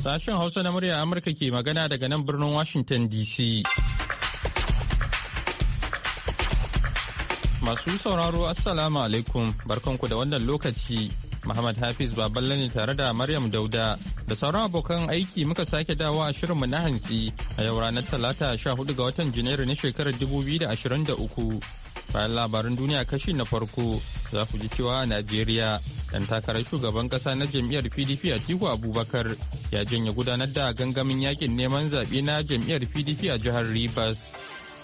Sashen Hausa na murya Amurka ke magana daga nan birnin Washington DC. Masu sauraro Assalamu alaikum barkanku da wannan lokaci. Muhammad Hafiz Baballe ne tare da Maryam Dauda da sauran abokan aiki muka sake dawo a shirinmu na hantsi a yau ranar Talata 14 ga watan Janairu na shekarar 2023. bayan labaran duniya kashi na farko za ku ji cewa a najeriya dan takarar shugaban kasa na jam'iyyar pdp a tiku abubakar ya janye gudanar da gangamin yakin neman zaɓe na jam'iyyar pdp a jihar rivers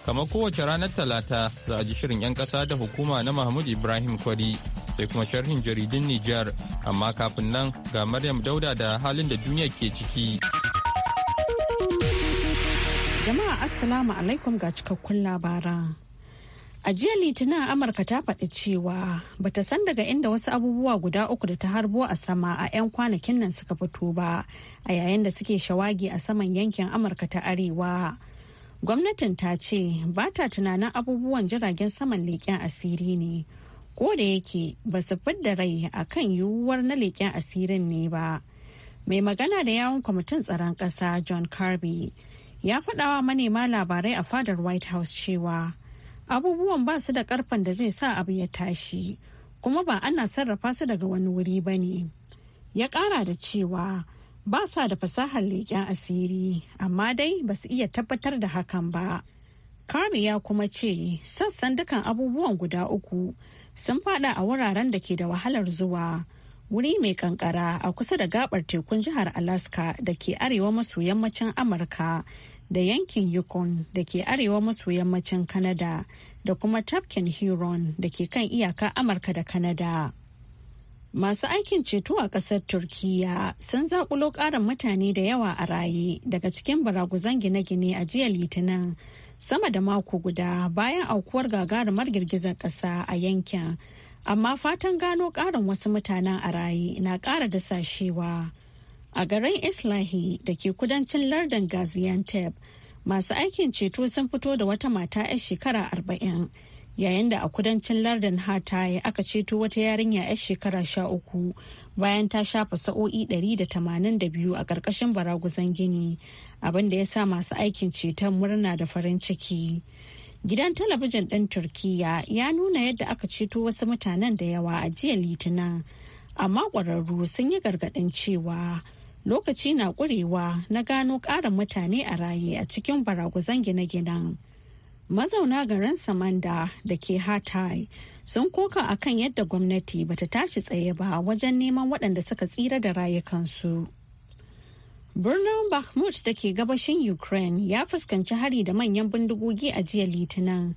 kamar kowace ranar talata za a ji shirin 'yan kasa da hukuma na mahmud ibrahim kwari sai kuma sharhin jaridun nijar amma kafin nan ga maryam dauda da halin da duniya ke ciki jama'a assalamu alaikum ga cikakkun labaran A jiya Litinin Amurka ta faɗi cewa bata san daga inda wasu abubuwa guda uku da ta harbo a sama a 'yan kwanakin nan suka fito ba a yayin da suke shawagi a saman yankin Amurka ta Arewa. Gwamnatin ta ce ba ta tunanin abubuwan jiragen saman leƙen asiri ne. Ko da yake ba su fidda rai a kan yiwuwar na leƙen asirin ne ba. Mai magana da yawon kwamitin tsaron ƙasa John Kirby ya faɗawa manema labarai a fadar White House cewa. abubuwan ba su da karfan da zai sa abu ya tashi kuma ba ana sarrafa su daga wani wuri ba ne ya kara da cewa ba sa da fasahar leƙen asiri amma dai ba su iya tabbatar da hakan ba kari ya kuma ce sassan dukan abubuwan guda uku sun fada a wuraren da ke da wahalar zuwa wuri mai kankara a kusa da gabar tekun jihar alaska da ke arewa maso yammacin amurka da yankin yukon da ke arewa maso yammacin Kanada da kuma tafkin Huron da ke kan iyaka Amurka da Kanada. Masu aikin ceto a ƙasar Turkiyya sun zaƙulo ƙarin mutane da yawa a raye daga cikin baraguzan gine-gine a jiya Litinin sama da mako guda bayan aukuwar gagarumar girgizar ƙasa a yankin. Amma fatan gano ƙarin wasu mutanen a raye na ƙara dasashewa. a garin islahi da ke kudancin lardin gaziantep masu aikin ceto sun fito da wata mata 'yar shekara arba'in yayin da a kudancin lardin ya aka ceto wata yarinya 'yar shekara sha uku bayan ta shafa sa'o'i da da tamanin biyu a ƙarƙashin baraguzan gini abin da ya sa masu aikin ceton murna da farin ciki gidan talabijin ɗin turkiya ya nuna yadda aka ceto wasu mutanen da yawa a jiya litinin amma ƙwararru sun yi gargaɗin cewa lokaci na ƙurewa na gano ƙarin mutane a raye a cikin baraguzan gine-ginen. Mazauna garin Samanda da ke Hatay sun koka kan yadda gwamnati bata tashi tsaye ba wajen neman waɗanda suka tsira da rayukansu. Birnin Bakhmut da ke gabashin Ukraine ya fuskanci hari da manyan bindigogi a jiya Litinin.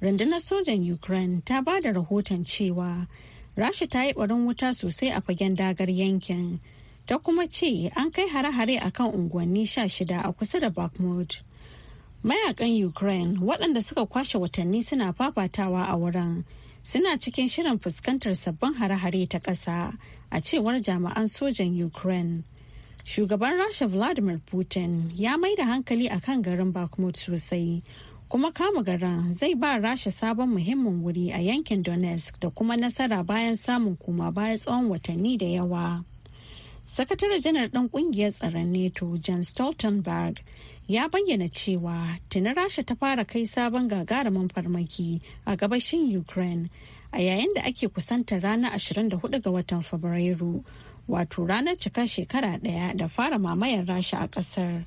Rundunar sojan Ukraine ta ba da rahoton cewa Rasha ta yi ɓarin wuta sosai a fagen dagar yankin. ta kuma ce an kai hare-hare a kan unguwanni sha shida a kusa da Bakhmut. Mayakan Ukraine waɗanda suka kwashe watanni suna fafatawa a wurin suna cikin shirin fuskantar sabbin hare-hare ta ƙasa a cewar jami'an sojan Ukraine. Shugaban Rasha Vladimir Putin ya mai da hankali a kan garin Bakhmut sosai kuma kama garin zai ba rasha sabon muhimmin wuri a yankin donetsk da kuma nasara bayan samun koma baya tsawon watanni da yawa. sakataren janar ɗan ƙungiyar tsaron neto john stoltenberg ya bayyana cewa tuni rasha ta fara kai sabon gagarumin farmaki a gabashin ukraine a yayin da ake kusantar ranar 24 ga watan fabrairu wato ranar cika shekara ɗaya da fara mamayar rasha a ƙasar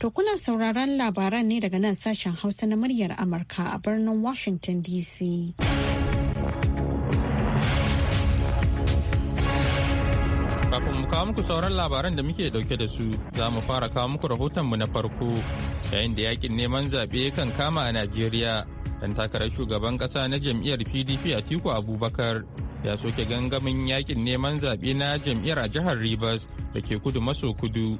Tokunan sauraron labaran ne daga nan sashen hausa na muryar amurka a birnin washington dc Kafin mu kawo muku sauran labaran da muke dauke da su za mu fara kawo muku rahoton mu na farko yayin da yakin neman zaɓe kan kama a Najeriya dan takarar shugaban ƙasa na jam'iyyar pdp a tiku abubakar ya soke gangamin yakin neman zaɓe na jam'iyyar a jihar rivers da ke kudu maso kudu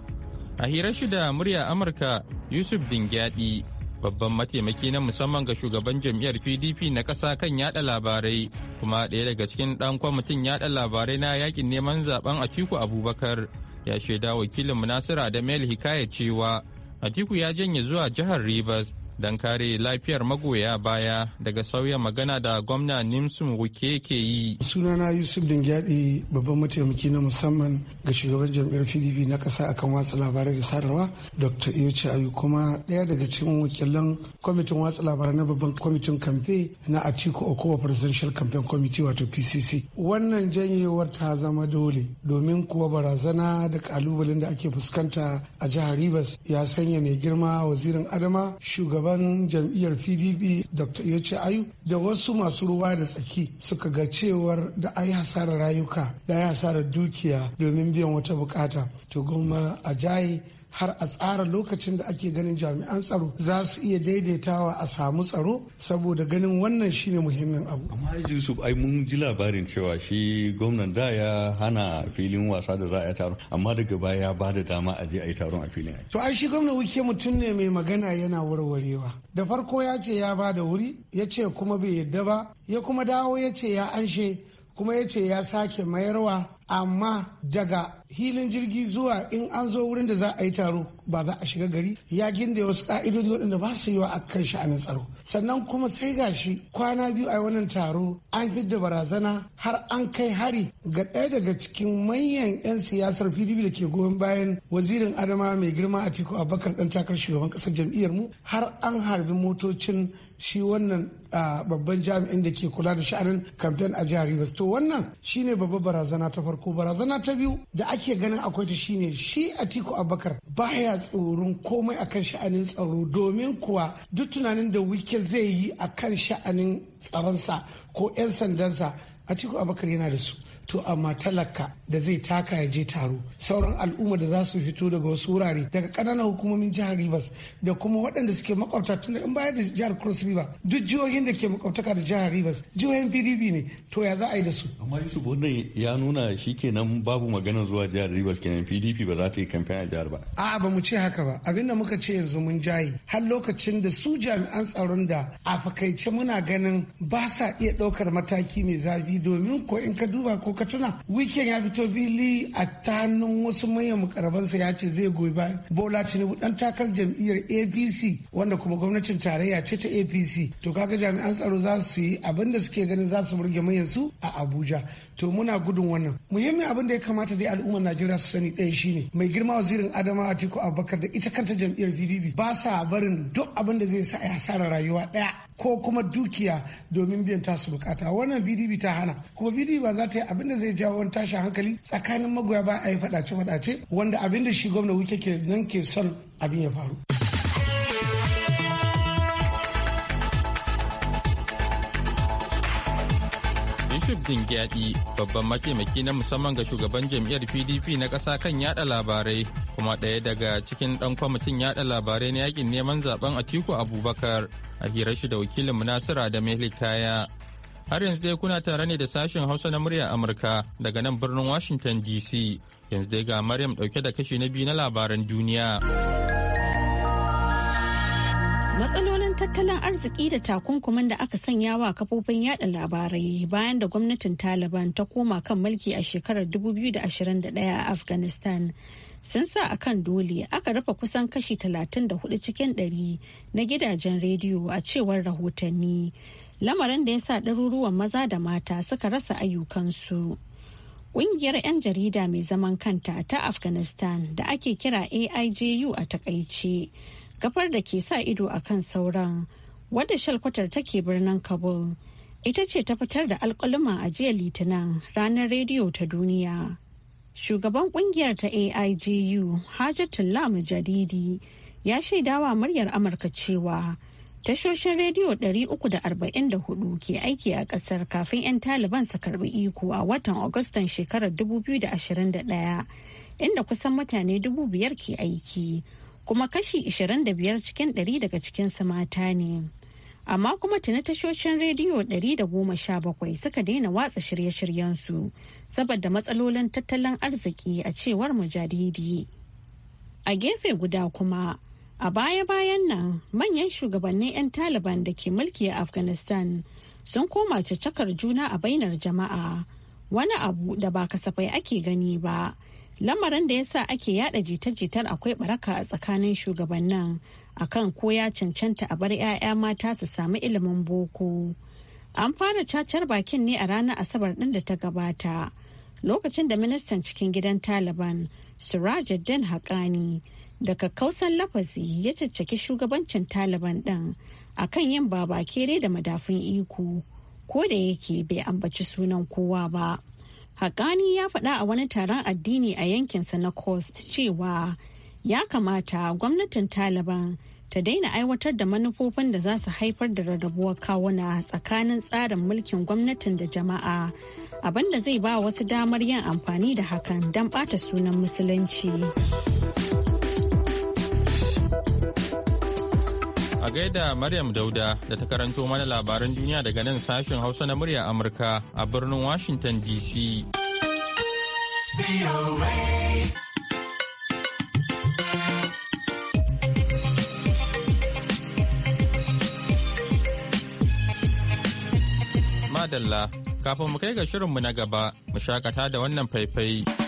a hirar shida da murya amurka yusuf dingyadi babban mataimaki na musamman ga shugaban jam'iyyar pdp na ƙasa kan yada labarai kuma ɗaya daga cikin ɗan kwamitin yada labarai na yakin neman zaben atiku abubakar ya shaida wakilin munasira da mel hikaya cewa atiku ya janye zuwa jihar rivers don kare lafiyar magoya baya daga sauya magana da gwamna nimsun wuke ke yi. sunana yusuf dingyadi babban mataimaki na musamman ga shugaban jam'iyyar pdp na kasa akan watsa labarai da sadarwa dr iyoce ayu kuma ɗaya daga cikin wakilan kwamitin watsa labarai na babban kwamitin kamfe na atiku okowa presidential campaign committee wato pcc wannan janyewar ta zama dole domin kuwa barazana da kalubalen da ake fuskanta a jihar rivers ya sanya mai girma wazirin adama shugaban shugaban jam'iyyar pdp dr yoce ayu da wasu masu ruwa da tsaki suka ga cewar da ai hasarar rayuka da ai hasarar dukiya domin biyan wata bukata to goma a jaye har a tsara lokacin da ake ganin jami'an tsaro za su iya daidaitawa a samu tsaro saboda ganin wannan shine muhimmin abu amma yusuf ai mun ji labarin cewa shi gwamnan da ya hana filin wasa da za a yi taron amma daga baya ya ba dama a je a yi taron a filin to ai shi gwamnan wuke mutum ne mai magana yana warwarewa da farko ya ce ya ba da wuri ya ce kuma bai yadda ba ya kuma dawo ya ce ya anshe kuma ya ce ya sake mayarwa amma daga hilin jirgi zuwa in an zo wurin da za a yi taro ba za a shiga gari ya ginda wasu ka'idodi waɗanda ba su yi wa akan sha'anin tsaro sannan kuma sai gashi kwana biyu a wannan taro an fidda barazana har an kai hari ga ɗaya daga cikin manyan 'yan siyasar pdp da ke goyon bayan wazirin adama mai girma a atiku abubakar ɗan takarar shugaban ƙasar jam'iyyar mu har an harbi motocin shi wannan babban jami'in da ke kula da sha'anin kamfen a jihar rivers to wannan shine babbar barazana ta faru. farko barazana ta biyu da ake ganin akwai ta shine shi Atiku abakar baya tsoron komai akan sha'anin tsaro domin kuwa duk tunanin da wike zai yi akan sha'anin tsaronsa ko 'yan sandansa Atiku abakar yana da su to amma talaka da zai taka ya je taro sauran al'umma da za su fito daga wasu wurare daga kananan hukumomin jihar Rivers da kuma waɗanda suke makwabta tun in bayar da jihar Cross River duk jihohin da ke makwabtaka da jihar Rivers jihohin PDP ne to ya za a yi da su amma Yusuf wannan ya nuna shi kenan babu magana zuwa jihar Rivers kenan PDP ba za ta yi kamfen a jihar ba a'a ba mu ce haka ba abinda muka ce yanzu mun jaye har lokacin da su jami'an tsaron da a fakaice muna ganin ba sa iya ɗaukar mataki mai zafi domin ko in ka duba ko ko ka weekend ya fito fili a tanin wasu manyan mukarabansa ya ce zai goyi bayan bola tinubu dan takar jam'iyyar apc wanda kuma gwamnatin tarayya ce ta apc to kaga jami'an tsaro za su yi abin da suke ganin za su burge manyan su a abuja to muna gudun wannan muhimmin abin da ya kamata dai al'ummar najeriya su sani ɗaya shine mai girma wazirin adama atiku abubakar da ita kanta jam'iyyar pdp ba sa barin duk abin da zai sa a hasara rayuwa ɗaya ko kuma dukiya domin biyan tasu bukata wannan bdb ta hana kuma bdb ba za ta yi abinda zai jawo wani tashin hankali tsakanin magoya ba a yi fadace-fadace wanda abin da shi gwamna wuke ke nan ke son abin ya faru Yusuf Dingyadi babban mataimaki na musamman ga shugaban jam'iyyar PDP na ƙasa kan yada labarai kuma ɗaya daga cikin ɗan kwamitin yada labarai na yakin neman zaben Atiku Abubakar a hira shi da wakilin munasira da kaya har yanzu dai kuna tare ne da sashen hausa na murya amurka daga nan birnin washington dc yanzu dai ga maryam dauke da kashi na biyu na labaran duniya matsalolin tattalin arziki da takunkumin da aka sanya wa kafofin yada labarai bayan da gwamnatin taliban ta koma kan mulki a shekarar 2021 a afghanistan sun sa a kan dole aka rufe kusan kashi 34 cikin 100 na gidajen rediyo a cewar rahotanni lamarin da ya sa ɗaruruwan maza da mata suka rasa ayyukansu. Ƙungiyar 'yan jarida mai zaman kanta ta Afghanistan da ake kira AIJU a takaice, gafar da ke sa ido a kan sauran, wadda shalkwatar take birnin Kabul, ita ce ta fitar da alƙaluma a jiya Litinin ranar rediyo ta duniya. Shugaban kungiyar ta AIGU Lamu jaridi, ya shaidawa muryar Amurka cewa tashoshin rediyo 344 ke aiki a kasar kafin 'yan taliban su karbi iko a watan agustan shekarar 2021 inda kusan mutane 5,000 ke aiki kuma kashi 25 cikin 100 daga cikinsu mata ne. amma kuma tuni tashoshin rediyo 117 suka daina watsa shirye-shiryensu saboda matsalolin tattalin arziki a cewar mujadidi. A gefe guda kuma, a baya-bayan nan manyan shugabannin 'yan Taliban da ke mulki a Afghanistan sun koma cakar juna a bainar jama'a, wani abu da ba kasafai ake gani ba. lamarin da ya sa ake yada jita-jitar akwai baraka a tsakanin shugabannin akan ko ya cancanta a bar 'ya'ya mata su samu ilimin boko an fara cacar bakin ne a ranar asabar din da ta gabata lokacin da ministan cikin gidan taliban sirajuddin haƙani da kakkausan lafazi ya caccaki shugabancin taliban ɗin akan yin babakere da madafun iko ko da yake bai ambaci sunan kowa ba. Haƙani ya faɗa a wani taron addini a yankinsa na Coast cewa ya kamata gwamnatin Taliban ta daina aiwatar da manufofin da za su haifar da rarrabuwar kawuna tsakanin tsarin mulkin gwamnatin da jama'a abinda zai ba wasu damar yin amfani da hakan don ɓata sunan musulunci. A gaida Maryam Dauda da ta karanto mana labaran duniya daga nan sashen Hausa na murya Amurka a birnin Washington DC. Madalla, kafin mu kai ga shirinmu na gaba, mu shakata da wannan faifai.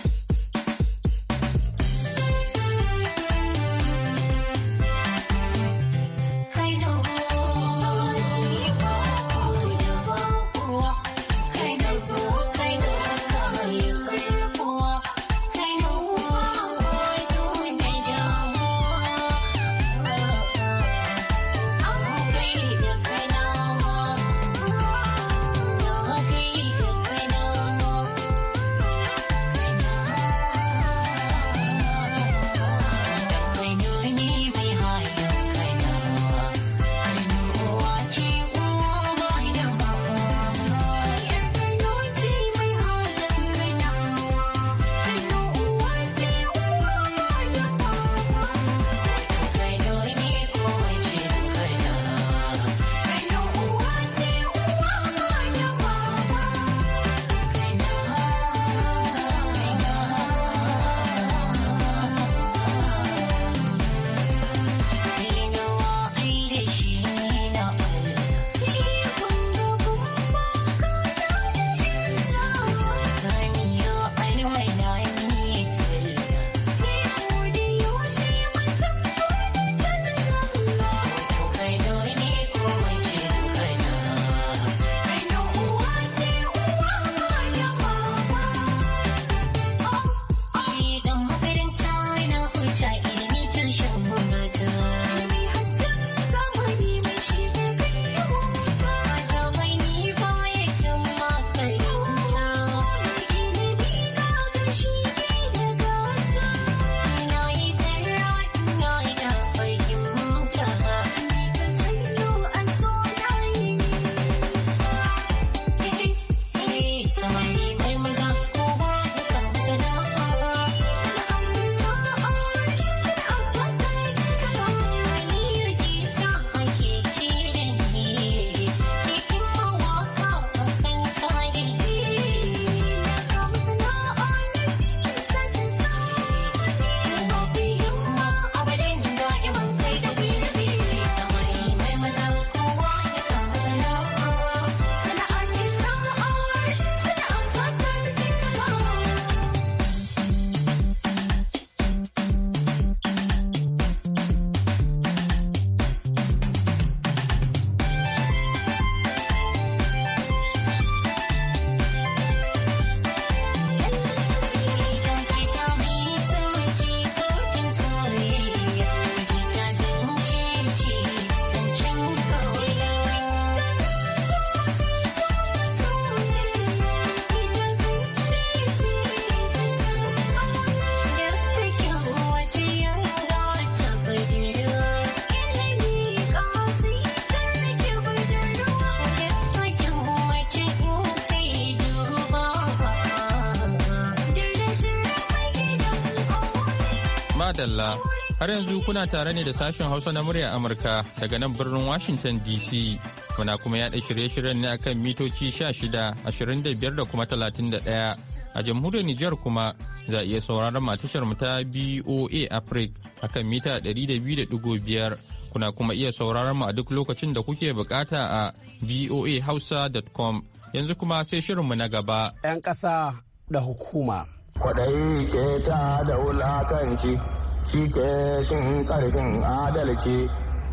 Madalla. Har yanzu kuna tare ne da sashen Hausa na murya Amurka daga nan birnin Washington DC. Muna kuma yaɗa shirye-shiryen ne akan mitoci 16, 25 da kuma 31. A jamhuriyar Nijar kuma za iya sauraron matashar mu ta BOA Africa akan mita 200.5. Kuna kuma iya sauraron mu a duk lokacin da kuke bukata a boahausa.com. Yanzu kuma sai shirinmu na gaba. 'Yan ƙasa da hukuma. Kwaɗayi ke ta da wulakanci. shi ke karfin adalci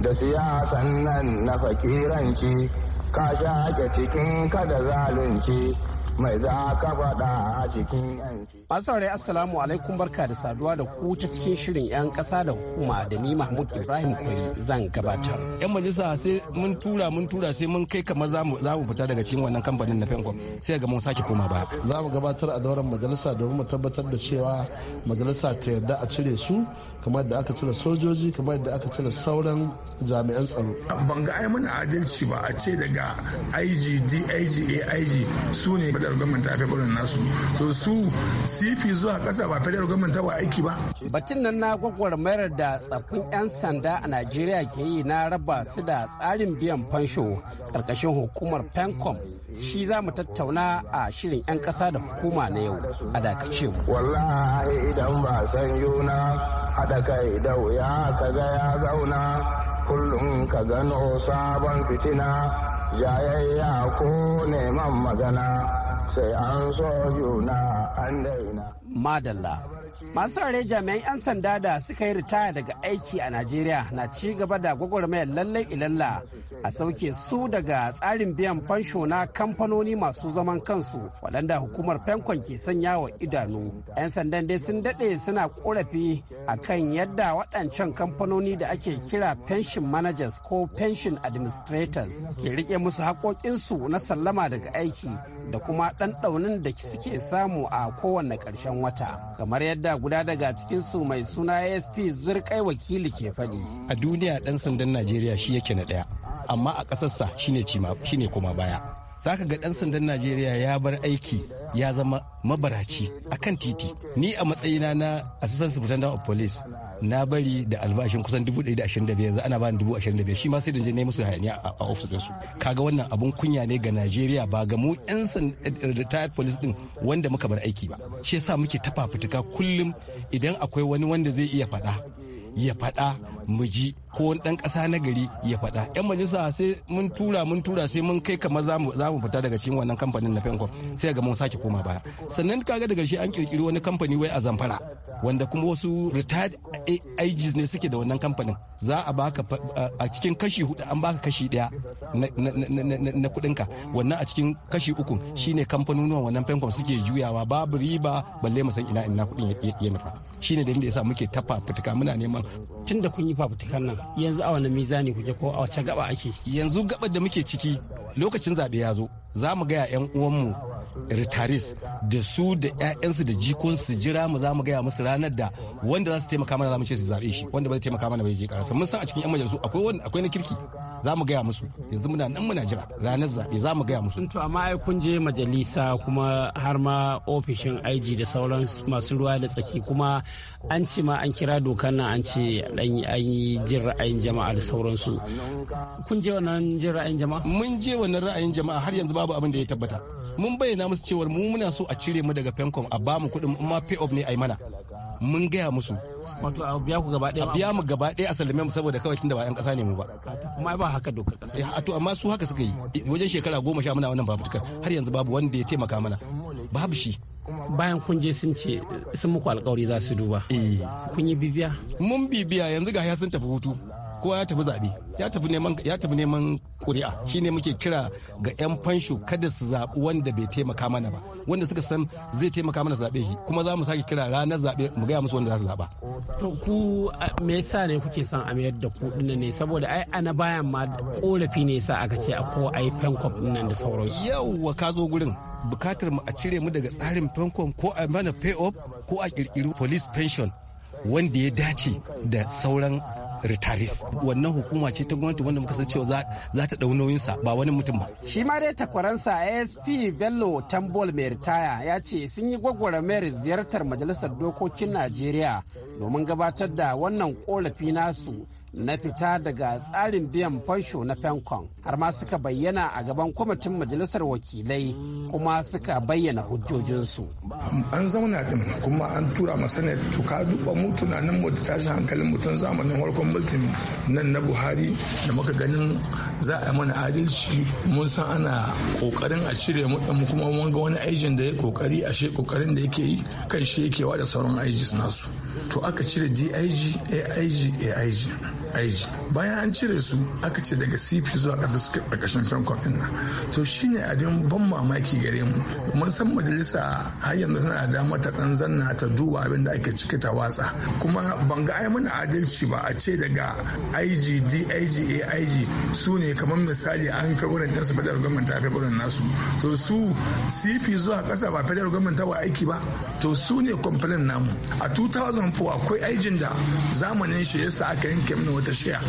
da siyasan nan na fakiranci ka shaƙe cikin kada zalunci mai za ka faɗa a cikin yanki. Masu assalamu alaikum barka da saduwa da ku ta cikin shirin 'yan ƙasa da hukuma da ni Mahmud Ibrahim Kwari zan gabatar. 'Yan majalisa sai mun tura mun tura sai mun kai kamar za mu fita daga cikin wannan kamfanin na Fenkom sai ga mun sake koma ba. Za mu gabatar a dauran majalisa domin mu tabbatar da cewa majalisa ta yarda a cire su kamar da aka cire sojoji kamar da aka cire sauran jami'an tsaro. Ban ga ai mana adalci ba a ce daga IG, DIG, AIG su ne federal government a nasu to su cp zuwa kasa ba federal government ba aiki ba batun nan na gwagwarmayar da tsaffin 'yan sanda a najeriya ke yi na raba su da tsarin biyan fansho karkashin hukumar pencom shi za mu tattauna a shirin 'yan kasa da hukuma na yau a dakace wallahi idan ba san yuna haɗa kai da wuya ka ga ya zauna kullum ka gano sabon fitina jayayya ko neman magana sai an so na an daina. Madalla. Masu rare jami'an 'yan sanda da suka yi ritaya daga aiki a Najeriya na ci gaba da gwagwarmayar lallai ilalla a sauke su daga tsarin biyan fansho na kamfanoni masu zaman kansu waɗanda hukumar Fankon ke sanya wa idanu. 'Yan sandan dai sun daɗe suna ƙorafi a kan yadda waɗancan kamfanoni da ake kira pension managers ko pension administrators ke riƙe musu haƙoƙinsu na sallama daga aiki da kuma ɗanɗaunin da suke samu a kowane ƙarshen wata kamar yadda guda daga cikin su mai suna asp zurkai wakili ke faɗi a duniya ɗan sandan najeriya shi yake na ɗaya amma a ƙasarsa shine kuma baya zaka ga ɗan sandan najeriya ya bar aiki ya zama mabaraci a kan titi ni a matsayina na assistant superintendent of police na bari da albashin kusan dubu ɗaya da ashirin da biyar yanzu ana bani dubu ashirin da biyar shi ma sai da je musu hayaniya a ofis ɗinsu kaga wannan abun kunya ne ga najeriya ba ga mu yan eh, retired police din wanda muka bar aiki ba shi yasa muke tafafutuka kullum idan akwai wani wanda zai iya faɗa ya faɗa mu ji ko wani ɗan ƙasa na gari ya faɗa yan majalisa sai mun tura mun tura sai mun kai kamar za mu fita daga cikin wannan kamfanin na fenkom sai ga mun sake koma baya sannan kaga daga shi an kirkiri wani kamfani wai a zamfara wanda kuma wasu retired ages ne suke da wannan kamfanin za a baka a cikin kashi hudu an baka kashi daya na kuɗinka wannan a cikin kashi uku shine kamfanonuwan wannan fenkom suke juyawa babu riba balle mu san ina ina kudin ya nufa shine dalilin da yasa muke tafa fitika muna neman tun da kun yi yi fafutukan nan yanzu a wani mizani kuke ko a wace gaba ake yanzu gabar da muke ciki lokacin zaɓe ya zo za mu gaya 'yan uwanmu retirees da su da 'ya'yansu da jikonsu jira mu za mu gaya musu ranar da wanda za su taimaka mana za mu ce su zaɓe shi wanda ba zai taimaka mana bai je karasa mun san a cikin 'yan majalisu akwai na kirki za mu gaya musu yanzu muna nan muna jira ranar zaɓe za mu gaya musu. to amma ai kun je majalisa kuma har ma ofishin IG da sauran masu ruwa da tsaki kuma an ce ma an kira dokar nan an ce an yi jin ra'ayin jama'a da sauransu kun je wannan jin ra'ayin jama'a. mun je wannan ra'ayin jama'a har yanzu babu abin da ya tabbata mun bayyana musu cewar mu muna so a cire mu daga fencom a bamu kuɗin in ma pay off ne a yi mana mun gaya musu wato a biya ku gaba ɗaya a biya mu gaba ɗaya a sallame mu saboda kawai tunda ba ƴan ƙasa ne mu ba kuma ba haka doka ƙasa a eh, to amma su haka suka yi wajen shekara goma sha muna wannan babu har yanzu babu wanda ya taimaka mana babu shi bayan kun je sun ce sun muku alkawari za su duba eh. kun yi bibiya mun bibiya yanzu ga ya sun tafi hutu kowa ya tafi zaɓe ya tafi neman ya tafi neman ƙuri'a shine muke kira ga 'yan fansho kada su zaɓi wanda bai taimaka mana ba wanda suka san zai taimaka mana zaɓe shi kuma za mu sake kira ranar zaɓe mu gaya musu wanda za su zaɓa. to ku me yasa ne kuke son a mayar da ku ne saboda ai ana bayan ma korafi ne yasa aka ce a ko ai fenkop nan da sauransu. yawwa ka zo gurin bukatar mu a cire mu daga tsarin fankon ko a mana pay off ko a kirkiri police pension wanda ya dace da sauran retires wannan hukuma ce ta gwamnati wanda muka san cewa za ta ɗau nauyinsa ba wani mutum ba. shi ma dai takwaransa asp bello tambol mai ritaya ya ce sun yi gwagwarmayar ziyartar majalisar dokokin najeriya domin gabatar da wannan korafi nasu na fita daga tsarin biyan fansho na fencon har ma suka bayyana a gaban kwamitin majalisar wakilai kuma suka bayyana hujjojinsu an zauna din kuma an tura ma sanad to duba mu tunanin mu tashin hankalin mutum zamanin farkon mulkin nan na buhari da muka ganin za a mana adalci mun san ana kokarin a cire mu dan kuma mun ga wani aijin da ya kokari a she kokarin da yake yi kan shi yake wa da sauran aijis nasu to aka cire dig aig aig aig bayan an cire su aka ce daga cp zuwa ƙasa suke ƙarƙashin fankon ɗin nan to shine abin ban mamaki gare mu mun san majalisa har yanzu tana da mata ɗan zanna ta duba abin da ake ciki ta watsa kuma ban ga ai mana adalci ba a ce daga ig dig aig su ne kamar misali an fi wurin ɗinsu federal government ta fi wurin nasu to su cp zuwa ƙasa ba federal government ta wa aiki ba to su ne kwamfanin namu a 2004 akwai aijin da zamanin shi yasa aka yanke mana wata shiya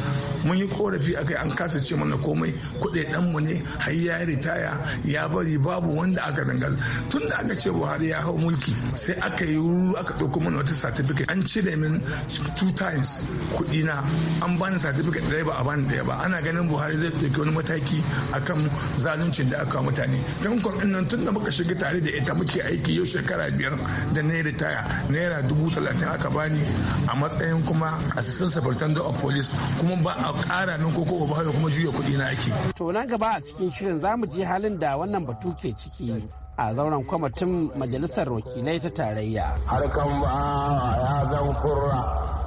mun yi korafi akai an kasa ce mana komai dan mu ne har ya ritaya ya bari babu wanda aka danga tun da aka ce Buhari ya hau mulki sai aka yi ruru aka ɗauko mana wata certificate an cire min two times kuɗi na an bani certificate ɗaya ba a bani ɗaya ba ana ganin Buhari zai ɗauki wani mataki akan zaluncin da aka mutane famkon ɗin nan tun da muka shiga tare da ita muke aiki yau shekara biyar da na ritaya naira dubu talatin aka bani a matsayin kuma assistant superintendent of police kuma ba a ƙara nan ko ko ba kuma juya kuɗi na ake. To na gaba a cikin shirin za mu je halin da wannan batu ke ciki a zauren kwamitin majalisar wakilai ta tarayya. Harkan ba ya zan kurra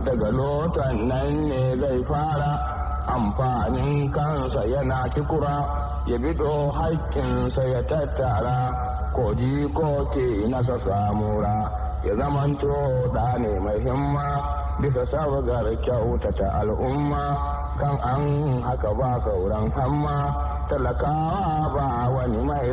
daga lotan nan ne zai fara amfanin kansa yana kikura ya bido haƙƙinsa ya tattara ko ko ke nasa samura ya zamanto da ne mai himma bisa sabgar kyautata al'umma kan an haka ba sauran hamma talakawa ba wani mai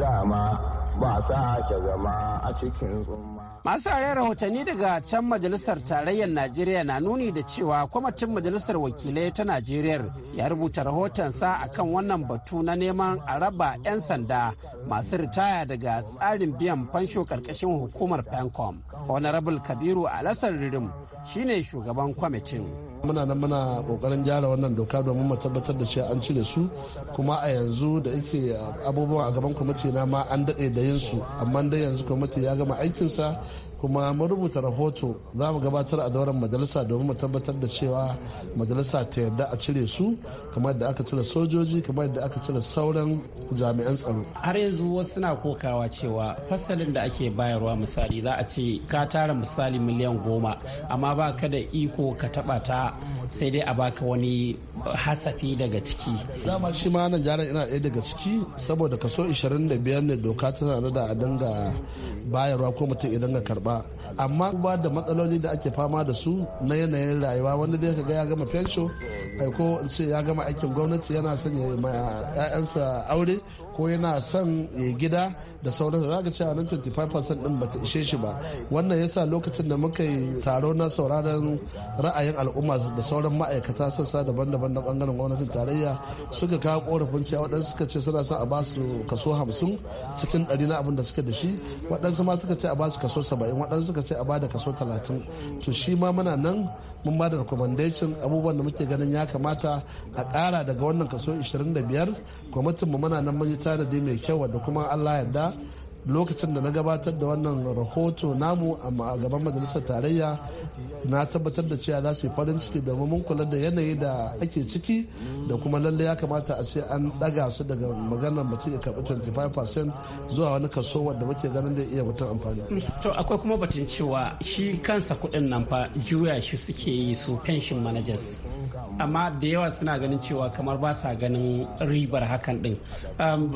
ba sa ke zama a cikin tsumma. Masu are rahotanni daga can Majalisar Tarayyar Najeriya na nuni da cewa kwamitin Majalisar Wakilai ta Najeriya ya rubuta rahotonsa a kan wannan batu na neman a raba 'yan sanda masu ritaya daga tsarin biyan fansho karkashin hukumar PENCOM. Honorable Kabiru Alassar Ririm shine shugaban kwamitin. muna nan muna kokarin gyara wannan doka domin mu tabbatar da cewa an cire su kuma a yanzu da yake abubuwan a gaban kwamiti na ma an daɗe da yin su amma dai yanzu kwamiti ya gama aikinsa kuma mun rubuta rahoto za mu gabatar a dauran majalisa domin mu tabbatar da cewa majalisa ta yarda a cire su kamar da aka cire sojoji kamar da aka cire sauran jami'an tsaro har yanzu wasu suna kokawa cewa fasalin da ake bayarwa misali za a ce ka tara misali miliyan goma amma ba ka da iko ka taba ta sai dai a baka wani hasafi daga ciki dama shi ma nan jaran ina ɗaya daga ciki saboda kaso 25 ne doka tana da a dinga bayarwa ko mutum idan ga karba amma ba da matsaloli da ake fama da su na yanayin rayuwa wanda dai kaga ya gama fensho eh, ko ce ya gama aikin gwamnati yana son ya ma 'ya'yansa aure ko yana son ya gida da sauransa za ka ce nan 25% din bata ishe shi ba wannan yasa lokacin da muka yi taro na sauraron ra'ayin al'umma da sauran ma'aikata sassa daban-daban na bangaren gwamnatin tarayya suka kawo korafin cewa waɗansu suka ce suna son a ba su kaso 50 cikin 100 na abin da suka da shi waɗansu ma suka ce a ba su kaso 70 in waɗansu suka ce a bada kaso talatin to shi ma muna nan mun bada recommendation abubuwan da muke ganin ya kamata a ƙara daga wannan kaso 25 gwamnatin mu muna nan mun yi tanadi mai kyau wanda kuma allah yarda lokacin da na gabatar da wannan rahoto namu a gaban majalisar tarayya na tabbatar da cewa za su yi farin ciki domin mun kula da yanayi da ake ciki da kuma lalle ya kamata a ce an daga su daga maganar mutum ya karbi 25% zuwa wani kaso wanda muke ganin zai iya mutum amfani. to akwai kuma batun cewa shi kansa kuɗin nan fa juya shi suke yi su pension managers amma da yawa suna ganin cewa kamar ba sa ganin ribar hakan din um,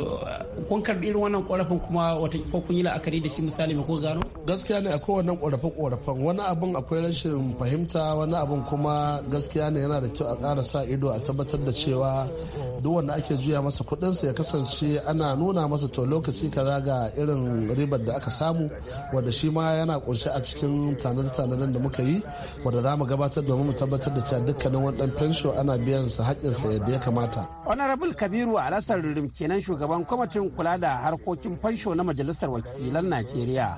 kun karbi irin wannan korafin kuma wata ko kun yi la'akari da shi misali ko gano gaskiya ne akwai wannan korafin korafin wani abun akwai rashin fahimta wani abun kuma gaskiya ne yana da kyau a ƙara sa ido a tabbatar da cewa duk wanda ake juya masa kuɗin sa ya kasance ana nuna masa to lokaci kaza ga irin ribar da aka samu wanda shi ma yana kunshi a cikin tanade-tanaden da muka yi wanda za mu gabatar domin mu tabbatar da cewa dukkanin wani fansho ana biyan su haƙƙinsa yadda ya kamata. Honorable Kabiru Alasar Rurum kenan shugaban kwamitin kula da harkokin fansho na Majalisar Wakilan Najeriya.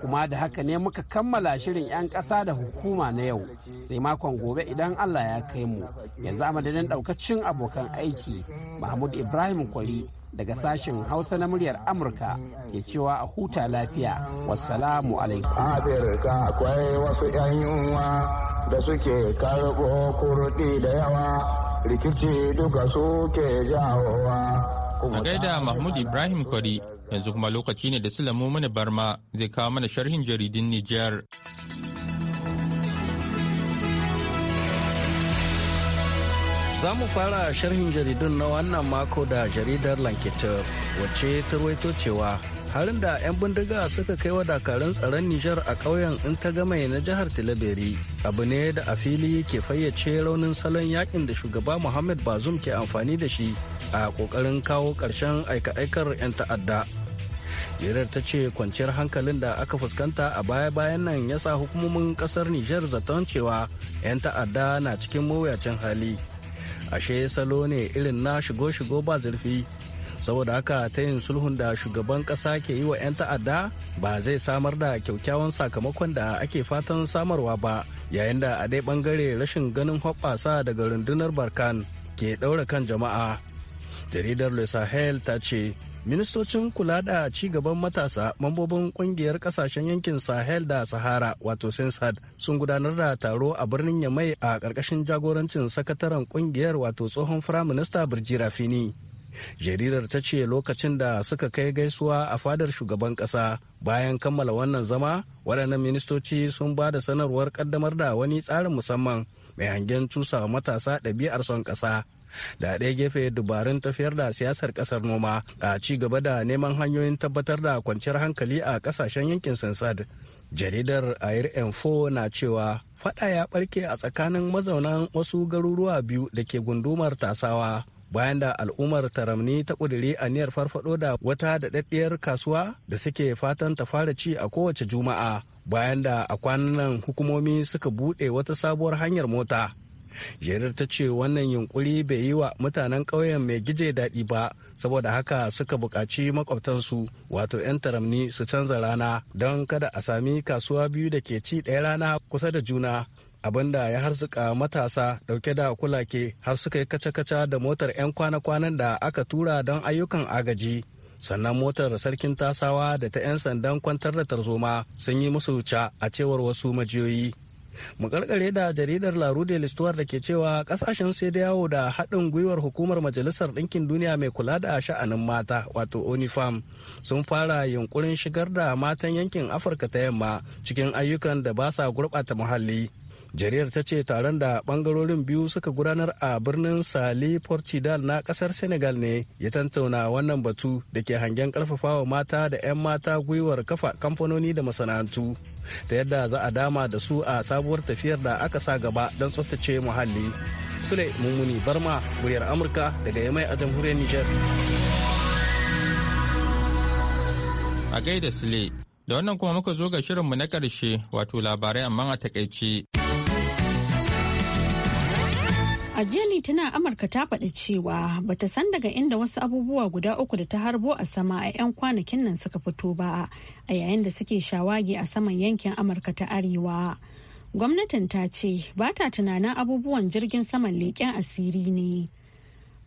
Kuma da haka ne muka kammala shirin 'yan ƙasa da hukuma na yau sai makon gobe idan Allah ya kai mu. Yanzu amma madadin ɗaukacin abokan aiki Mahmud Ibrahim Kwari daga sashen Hausa na muryar Amurka ke cewa a huta lafiya. Wassalamu alaikum. yunwa da suke karɓo kurɗi da yawa rikici duka suke jawowa. A gaida Mahmud Ibrahim Kwari yanzu kuma lokaci ne da Sulamu mana Barma zai kawo mana sharhin jaridin Nijar. Za mu fara sharhin jaridun na wannan mako da jaridar Lankitar wacce ta cewa harin da 'yan bindiga suka kai wa dakarun tsaron Nijar a ƙauyen in ta gama na jihar Tilaberi abu ne da a fili ke fayyace raunin salon yakin da shugaba Muhammad Bazum ke amfani da shi a ƙoƙarin kawo ƙarshen aika-aikar 'yan ta'adda. Jirar ta ce kwanciyar hankalin da aka fuskanta a baya-bayan nan ya sa hukumomin ƙasar Nijar zaton cewa 'yan ta'adda na cikin mawuyacin hali. Ashe salo ne irin na shigo-shigo ba zurfi saboda haka ta yin sulhun da shugaban kasa ke yi wa 'yan ta'adda ba zai samar da kyaukyawan sakamakon da ake fatan samarwa ba yayin da a dai bangare rashin ganin hoɓɓasa daga rundunar barkan ke ɗaura kan jama'a jaridar le sahel ta ce ministocin kula da ci gaban matasa mambobin kungiyar kasashen yankin sahel da sahara wato sinsad sun gudanar da taro a birnin yamai a ƙarƙashin jagorancin sakataren kungiyar wato tsohon firaminista birji rafini jaridar ta ce lokacin da suka kai gaisuwa a fadar shugaban ƙasa bayan kammala wannan zama waɗannan ministoci sun ba da sanarwar ƙaddamar da wani tsarin musamman mai hangen cusa matasa ɗabi'ar son ƙasa da ɗaya gefe dubarun tafiyar da siyasar ƙasar noma a ci gaba da neman hanyoyin tabbatar da kwanciyar hankali a ƙasashen yankin sansad jaridar air 4 na cewa fada ya ɓarke a tsakanin mazaunan wasu garuruwa biyu da ke gundumar tasawa bayan da al'ummar taramni ta ƙudiri aniyar farfado da wata daɗaɗɗiyar kasuwa da suke fatan ta fara ci a kowace juma'a bayan da a kwanan hukumomi suka buɗe wata sabuwar hanyar mota jerar ta ce wannan yunkuri bai yi wa mutanen ƙauyen mai gije daɗi ba saboda haka suka buƙaci makwabtansu wato 'yan taramni su canza rana don kada a sami kasuwa biyu da ke ci ɗaya rana kusa da juna abinda ya harzuka matasa dauke da kulake har suka yi kaca-kaca da motar 'yan kwana-kwanan da aka tura don ayyukan agaji sannan motar sarkin tasawa da ta 'yan sandan kwantar da tarzoma sun yi musu wuce a cewar wasu majiyoyi mu karkare da jaridar la rue da ke cewa kasashen sai da yawo da haɗin gwiwar hukumar majalisar ɗinkin duniya mai kula da sha'anin mata wato onifam sun fara yunkurin shigar da matan yankin afirka ta yamma cikin ayyukan da ba sa gurɓata muhalli jariyar ta ce taron da bangarorin biyu suka gudanar a birnin sali portugal na kasar senegal ne ya tantauna wannan batu da ke hangen karfafawa mata da 'yan mata gwiwar kafa kamfanoni da masana'antu ta yadda za a dama da su a sabuwar tafiyar da aka sa gaba don tsaftace muhalli sule mummuni barma muryar amurka daga yamai a jamhuriyar niger a gaida sule da wannan kuma muka zo ga shirinmu na karshe wato labarai amma a takaice. A jiya Litinin Amurka ta faɗi cewa bata san daga inda wasu abubuwa guda uku da ta harbo a sama a 'yan kwanakin nan suka fito ba a yayin da suke shawagi a saman yankin Amurka ta Arewa. Gwamnatin ta ce ba ta tunanin abubuwan jirgin saman leƙen asiri ne.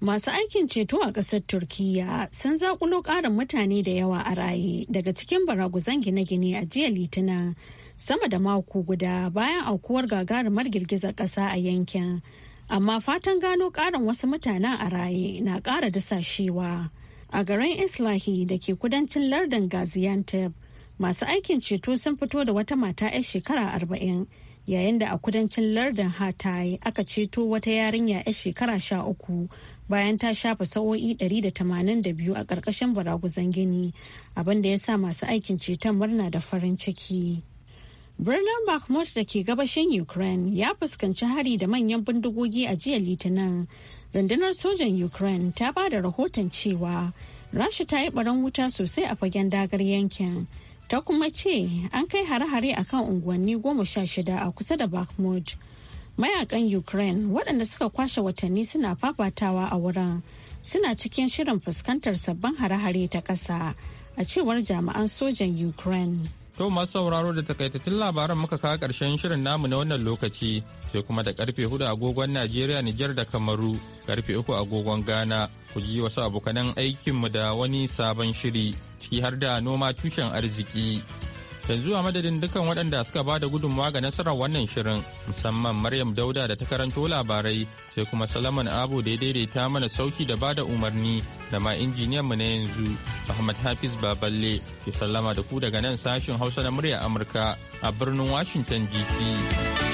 Masu aikin ceto a ƙasar Turkiyya sun zaƙulo ƙarin mutane da yawa a raye daga cikin baraguzan gine-gine a jiya Litinin sama da mako guda bayan aukuwar gagarumar girgizar ƙasa a yankin. amma fatan gano ƙarin wasu mutanen a raye na ƙara dasashewa a garin islahi da ke kudancin lardin gaziantep masu aikin ceto sun fito da wata mata 'yar shekara arba'in yayin da a kudancin lardin hatai aka ceto wata yarinya 'yar shekara sha uku bayan ta shafa sa'o'i 182 a ƙarƙashin baraguzan gini abinda ya sa masu aikin ceton murna da farin ciki. Birnin Bakhmut da ke gabashin Ukraine ya fuskanci hari da manyan bindigogi a jiya Litinin. Rundunar sojan Ukraine ta ba da rahoton cewa Rasha ta yi baron wuta sosai a fagen dagar yankin. Ta kuma ce an kai hare-hare a kan unguwanni goma sha shida a kusa da Bakhmut. Mayakan Ukraine waɗanda suka kwashe watanni suna fafatawa a wurin suna cikin shirin fuskantar sabbin hare-hare ta ƙasa a cewar jami'an sojan Ukraine. To masu sauraro da takaitattun labaran muka kawo ƙarshen shirin namu na wannan lokaci sai kuma da karfe hudu agogon Najeriya Nijar da Kamaru karfe uku agogon Ghana ku ji wasu abokanan aikinmu da wani sabon shiri ciki har da noma tushen arziki. Yanzu a madadin dukkan waɗanda suka ba da gudunmawa ga nasarar wannan shirin musamman Maryam Dauda da ta karanto labarai sai kuma Salaman Abu da ya daidaita mana sauki da ba da umarni da ma injiniyanmu na yanzu Ahmad Hafiz Baballe ke sallama da ku daga nan sashin Hausa na murya Amurka a birnin Washington DC.